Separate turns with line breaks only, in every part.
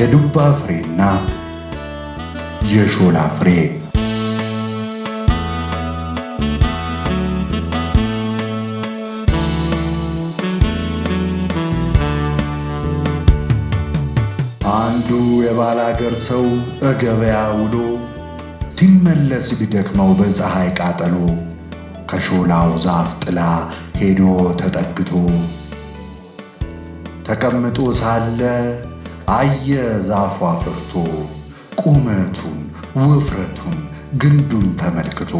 የዱባ ፍሬና የሾላ ፍሬ አንዱ የባል አገር ሰው እገበያ ውሎ ሲመለስ ቢደክመው በፀሐይ ቃጠሎ ከሾላው ዛፍ ጥላ ሄዶ ተጠግቶ ተቀምጦ ሳለ አየ ዛፏ ፍርቶ ቁመቱን ውፍረቱን ግንዱን ተመልክቶ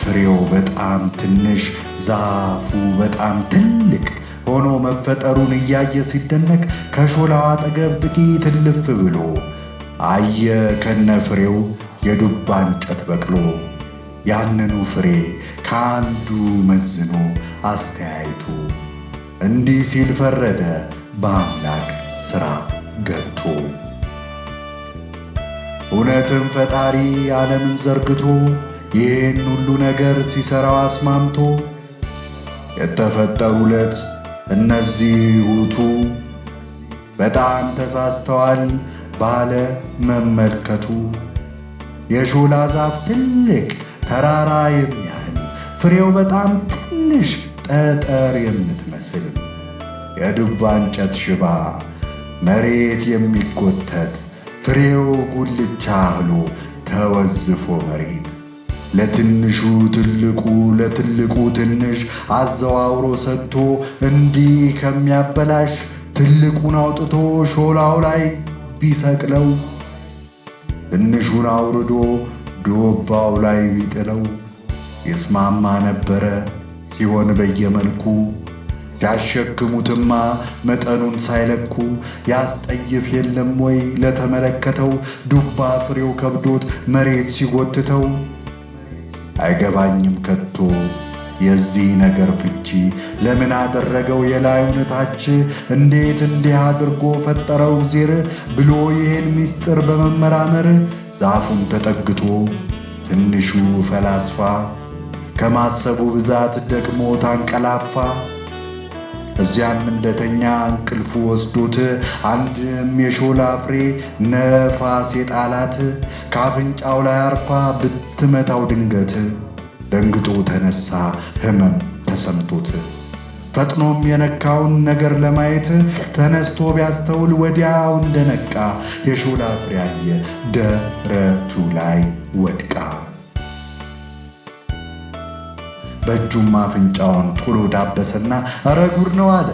ፍሬው በጣም ትንሽ ዛፉ በጣም ትልቅ ሆኖ መፈጠሩን እያየ ሲደነቅ ከሾላው አጠገብ ጥቂት እልፍ ብሎ አየ ከነ ፍሬው የዱባ እንጨት በቅሎ ያንኑ ፍሬ ከአንዱ መዝኖ አስተያየቱ እንዲህ ሲል ፈረደ በአምላክ ሥራ ገቱ። እውነትም ፈጣሪ ዓለምን ዘርግቶ ይህን ሁሉ ነገር ሲሠራው አስማምቶ የተፈጠሩለት እነዚህ ውቱ በጣም ተሳስተዋል ባለ መመልከቱ የሾላ ዛፍ ትልቅ ተራራ የሚያህል ፍሬው በጣም ትንሽ ጠጠር የምትመስል የዱባ እንጨት ሽባ መሬት የሚጎተት ፍሬው ጉልቻ አህሎ ተወዝፎ መሬት ለትንሹ ትልቁ ለትልቁ ትንሽ አዘዋውሮ ሰጥቶ እንዲህ ከሚያበላሽ ትልቁን አውጥቶ ሾላው ላይ ቢሰቅለው ትንሹን አውርዶ ዶባው ላይ ቢጥለው የስማማ ነበረ ሲሆን በየመልኩ ያሸክሙትማ መጠኑን ሳይለኩ ያስጠይፍ የለም ወይ? ለተመለከተው ዱባ ፍሬው ከብዶት መሬት ሲጎትተው አይገባኝም ከቶ የዚህ ነገር ፍቺ ለምን አደረገው የላዩን ታች? እንዴት እንዲህ አድርጎ ፈጠረው እግዜር ብሎ ይህን ምስጢር በመመራመር ዛፉን ተጠግቶ ትንሹ ፈላስፋ ከማሰቡ ብዛት ደክሞ ታንቀላፋ። እዚያም እንደተኛ እንቅልፉ ወስዶት አንድም የሾላ ፍሬ ነፋስ የጣላት ከአፍንጫው ላይ አርፋ ብትመታው ድንገት ደንግጦ ተነሳ፣ ህመም ተሰምቶት ፈጥኖም የነካውን ነገር ለማየት ተነስቶ ቢያስተውል ወዲያው እንደነቃ የሾላ ፍሬ አየ ደረቱ ላይ ወድቃ በእጁም አፍንጫውን ቶሎ ዳበሰና እረ ጉድ ነው አለ።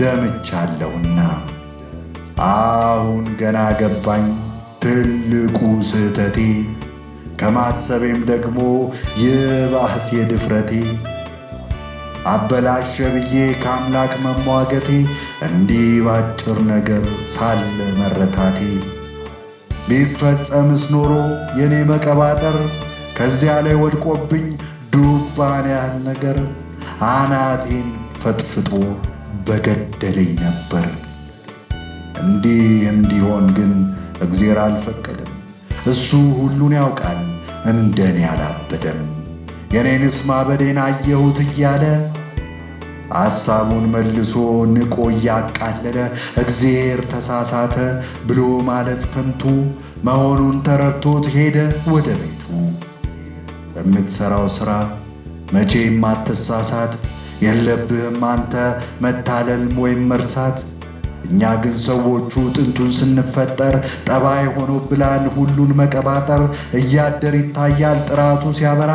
ደምቻለሁና አሁን ገና ገባኝ ትልቁ ስህተቴ፣ ከማሰቤም ደግሞ የባሰ ድፍረቴ አበላሸ ብዬ ከአምላክ መሟገቴ፣ እንዲህ ባጭር ነገር ሳለ መረታቴ። ቢፈጸምስ ኖሮ የኔ መቀባጠር ከዚያ ላይ ወድቆብኝ የሚባል ያህል ነገር አናቴን ፈጥፍጦ በገደለኝ ነበር። እንዲህ እንዲሆን ግን እግዜር አልፈቀደም። እሱ ሁሉን ያውቃል፣ እንደኔ አላበደም። የኔንስ ማበዴን አየሁት እያለ ሐሳቡን መልሶ ንቆ እያቃለለ እግዜር ተሳሳተ ብሎ ማለት ከንቱ መሆኑን ተረድቶት ሄደ ወደ ቤቱ በምትሠራው ሥራ መቼም አትሳሳት፣ የለብህም አንተ መታለል ወይም መርሳት። እኛ ግን ሰዎቹ ጥንቱን ስንፈጠር ጠባይ ብላን ሁሉን መቀባጠር። እያደር ይታያል ጥራቱ ሲያበራ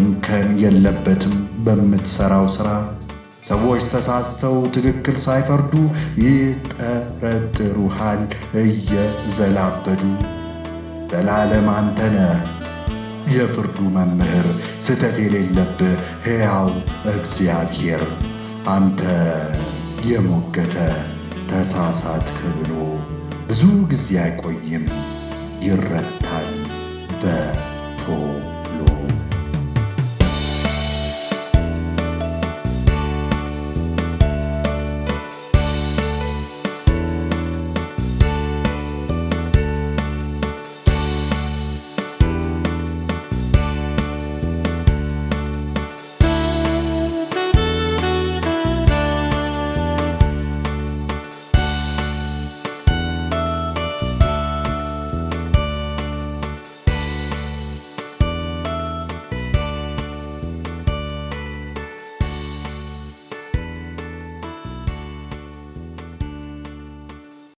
እንከን የለበትም በምትሰራው ስራ ሰዎች ተሳስተው ትክክል ሳይፈርዱ ይጠረጥሩሃል እየዘላበዱ። ዘላለም አንተ የፍርዱ መምህር ስህተት የሌለብህ ሕያው እግዚአብሔር አንተ የሞገተ ተሳሳትክ ብሎ ብዙ ጊዜ አይቆይም ይረታል በ